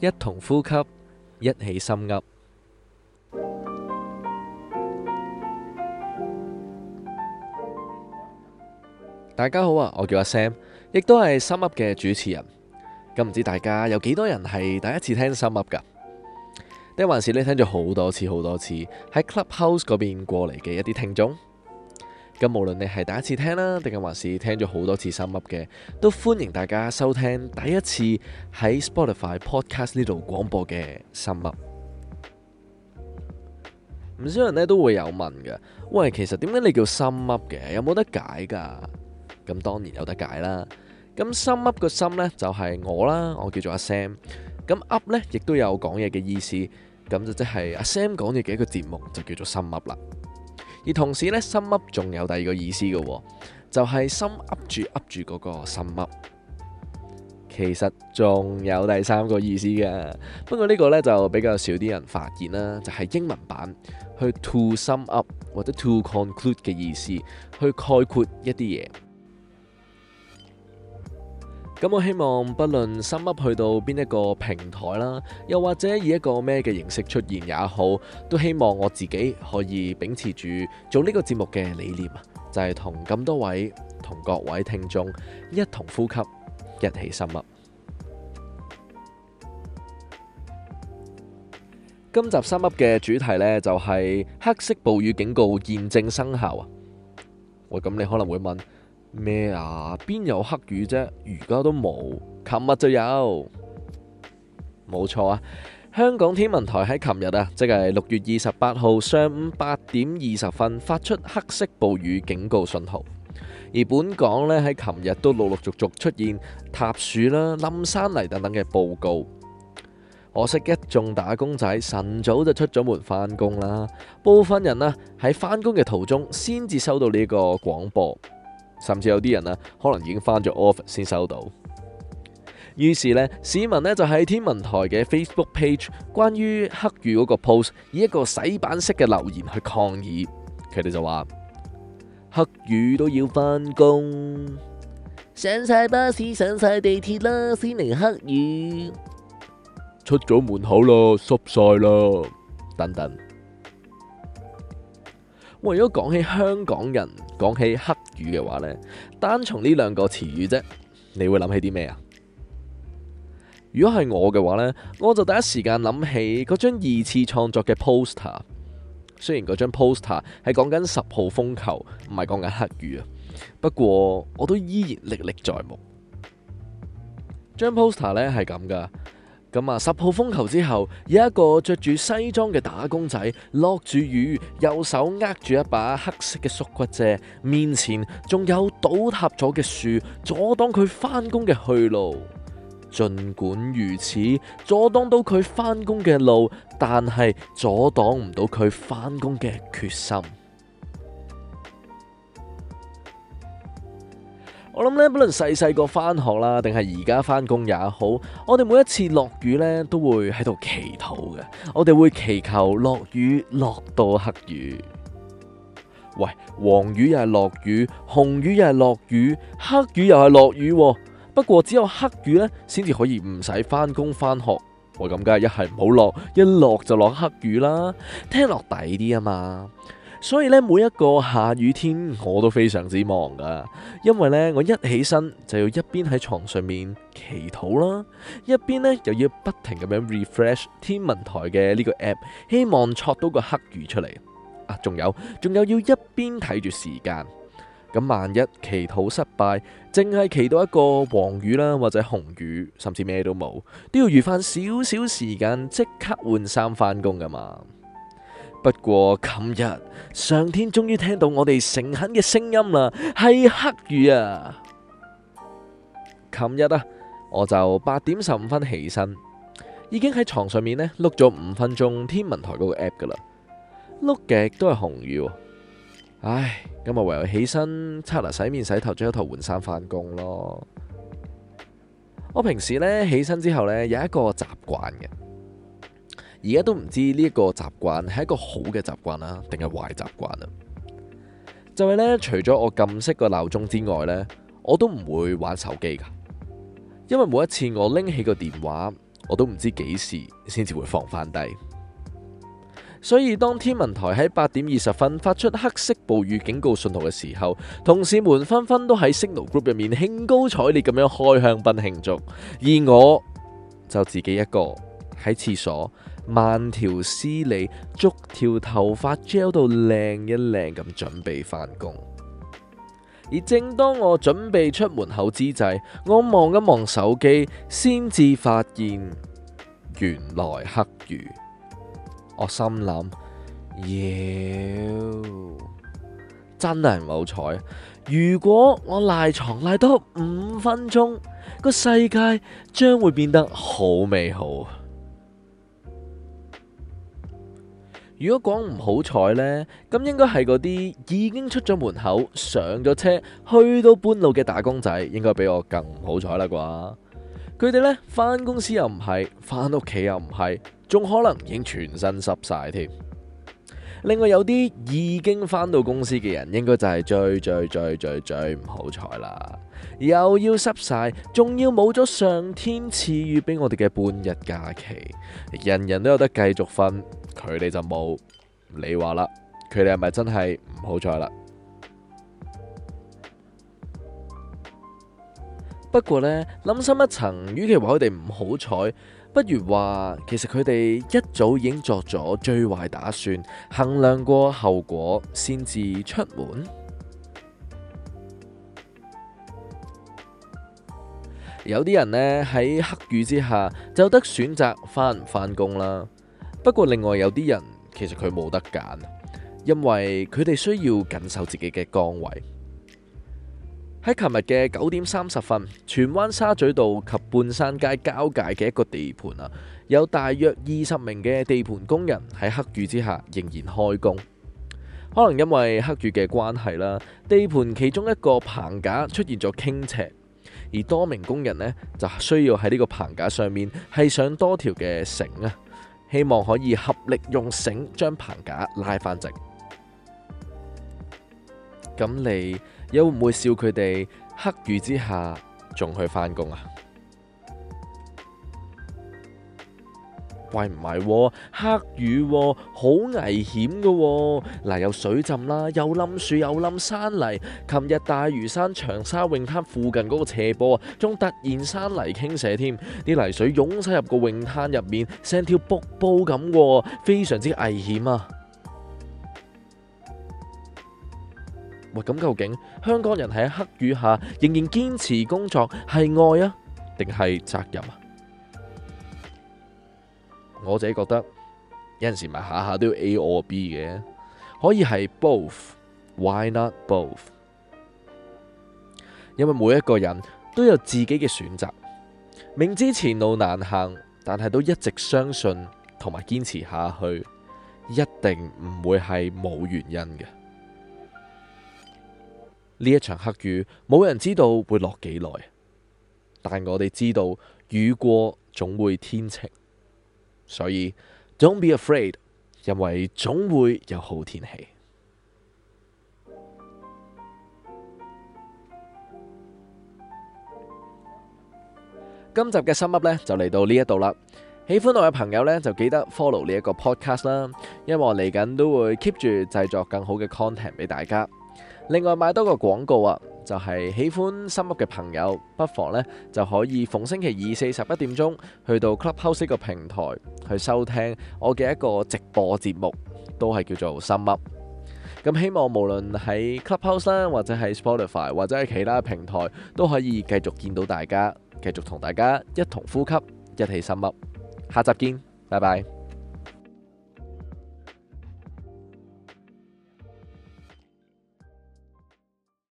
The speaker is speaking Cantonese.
一同呼吸，一起深噏。大家好啊，我叫阿 Sam，亦都係深噏嘅主持人。咁唔知大家有幾多人係第一次聽深噏㗎？定還是你聽咗好多次、好多次喺 Clubhouse 嗰邊過嚟嘅一啲聽眾？咁無論你係第一次聽啦，定係還是聽咗好多次心 up 嘅，都歡迎大家收聽第一次喺 Spotify Podcast 呢度廣播嘅心 up。唔少人呢都會有問嘅，喂，其實點解你叫心 up 嘅？有冇得解噶？咁當然有得解啦。咁心 up 個心咧就係我啦，我叫做阿 Sam。咁 up 咧亦都有講嘢嘅意思，咁就即係阿 Sam 講嘢嘅一個節目就叫做心 up 啦。而同時咧，心噏仲有第二個意思嘅，就係心噏住噏住嗰個心噏。其實仲有第三個意思嘅，不過呢個呢，就比較少啲人發現啦，就係、是、英文版去 to sum up 或者 to conclude 嘅意思，去概括一啲嘢。咁我希望不論深吸去到邊一個平台啦，又或者以一個咩嘅形式出現也好，都希望我自己可以秉持住做呢個節目嘅理念啊，就係同咁多位同各位聽眾一同呼吸，一起深吸。 今集深吸嘅主題呢，就係黑色暴雨警告現正生效啊！喂，咁你可能會問。咩啊？邊有黑雨啫？而家都冇，琴日就有，冇錯啊！香港天文台喺琴日啊，即係六月二十八號上午八點二十分發出黑色暴雨警告信號，而本港呢，喺琴日都陸陸續續出現塌樹啦、冧山泥等等嘅報告。可惜一眾打工仔晨早就出咗門返工啦，部分人啊喺返工嘅途中先至收到呢個廣播。甚至有啲人呢，可能已經翻咗 Office 先收到。於是呢，市民呢，就喺天文台嘅 Facebook page 關於「黑雨」嗰個 post，以一個洗版式嘅留言去抗議。佢哋就話：黑雨都要翻工，上晒巴士、上晒地鐵啦，先嚟黑雨，出咗門口啦，濕晒啦，等等。哇！如果講起香港人，講起黑語嘅話咧，單從呢兩個詞語啫，你會諗起啲咩啊？如果係我嘅話呢，我就第一時間諗起嗰張二次創作嘅 poster。雖然嗰張 poster 係講緊十號風球，唔係講緊黑雨啊，不過我都依然歷歷在目。張 poster 呢係咁㗎。咁啊！十號風球之後，有一個着住西裝嘅打工仔落住雨，右手握住一把黑色嘅縮骨遮，面前仲有倒塌咗嘅樹，阻擋佢返工嘅去路。盡管如此，阻擋到佢返工嘅路，但係阻擋唔到佢返工嘅決心。我諗咧，不論細細個翻學啦，定係而家翻工也好，我哋每一次落雨咧，都會喺度祈禱嘅。我哋會祈求落雨落到黑雨，喂，黃雨又係落雨，紅雨又係落雨，黑雨又係落雨。不過只有黑雨咧，先至可以唔使翻工翻學。我咁梗係一係唔好落，一落就落黑雨啦。聽落底啲啊嘛！所以咧，每一個下雨天我都非常之忙噶，因為咧，我一起身就要一邊喺床上面祈禱啦，一邊咧又要不停咁樣 refresh 天文台嘅呢個 app，希望捉到一個黑雨出嚟。啊，仲有仲有要一邊睇住時間，咁萬一祈禱失敗，淨係祈到一個黃雨啦，或者紅雨，甚至咩都冇，都要預翻少少時間即刻換衫返工噶嘛。不過，琴日上天終於聽到我哋誠懇嘅聲音啦，係黑雨啊！琴日啊，我就八點十五分起身，已經喺床上面呢碌咗五分鐘天文台嗰個 app 噶啦，碌極都係紅雨。唉，今日唯有起身刷牙、洗面、洗頭，着一套換衫返工咯。我平時呢起身之後呢有一個習慣嘅。而家都唔知呢一個習慣係一個好嘅習慣啦、啊，定係壞習慣啊？就係、是、呢，除咗我撳熄個鬧鐘之外呢，我都唔會玩手機噶。因為每一次我拎起個電話，我都唔知幾時先至會放返低。所以當天文台喺八點二十分發出黑色暴雨警告信號嘅時候，同事們紛紛都喺 Signal Group 入面興高采烈咁樣開香檳慶祝，而我就自己一個喺廁所。慢條斯理，逐條頭髮 gel 到靚一靚咁，準備返工。而正當我準備出門口之際，我望一望手機，先至發現原來黑雨。我心諗，妖，yeah，真係唔好彩。如果我賴床賴多五分鐘，個世界將會變得好美好。如果講唔好彩呢，咁應該係嗰啲已經出咗門口、上咗車、去到半路嘅打工仔，應該比我更唔好彩啦啩？佢哋呢，返公司又唔係，返屋企又唔係，仲可能已經全身濕晒添。另外有啲已經返到公司嘅人，應該就係最最最最最唔好彩啦！又要濕晒，仲要冇咗上天賜予俾我哋嘅半日假期，人人都有得繼續瞓，佢哋就冇。你話啦，佢哋係咪真係唔好彩啦？不過呢，諗深一層，與其話佢哋唔好彩，不如話其實佢哋一早已經作咗最壞打算，衡量過後果先至出門。 有啲人呢，喺黑雨之下就得選擇返唔返工啦。不過另外有啲人其實佢冇得揀，因為佢哋需要謹守自己嘅崗位。喺琴日嘅九點三十分，荃灣沙咀道及半山街交界嘅一個地盤啊，有大約二十名嘅地盤工人喺黑雨之下仍然開工。可能因為黑雨嘅關係啦，地盤其中一個棚架出現咗傾斜，而多名工人呢就需要喺呢個棚架上面繫上多條嘅繩啊，希望可以合力用繩將棚架拉翻直。咁你？又會唔會笑佢哋黑雨之下仲去翻工啊？喂，唔係，黑雨好、喎、危險噶、喎，嗱，有水浸啦，又冧樹，又冧山泥。琴日大嶼山長沙泳灘附近嗰個斜坡啊，仲突然山泥傾瀉添，啲泥水湧晒入個泳灘入面，成條瀑布咁，非常之危險啊！喂，咁究竟香港人喺黑雨下仍然堅持工作，係愛啊，定係責任啊？我自己覺得有陣時咪下下都要 A or B 嘅，可以係 both，why not both？因為每一個人都有自己嘅選擇，明知前路難行，但係都一直相信同埋堅持下去，一定唔會係冇原因嘅。呢一場黑雨，冇人知道會落幾耐，但我哋知道雨過總會天晴，所以 Don't be afraid，因為總會有好天氣。今集嘅 sum up 呢，就嚟到呢一度啦，喜歡我嘅朋友呢，就記得 follow 呢一個 podcast 啦，因為我嚟緊都會 keep 住製作更好嘅 content 俾大家。另外買多個廣告啊，就係、是、喜歡深屋嘅朋友，不妨呢就可以逢星期二、四十一點鐘去到 Clubhouse 個平台去收聽我嘅一個直播節目，都係叫做「深屋」。咁希望無論喺 Clubhouse 啦，或者喺 Spotify 或者係其他平台，都可以繼續見到大家，繼續同大家一同呼吸，一起深吸。下集見，拜拜。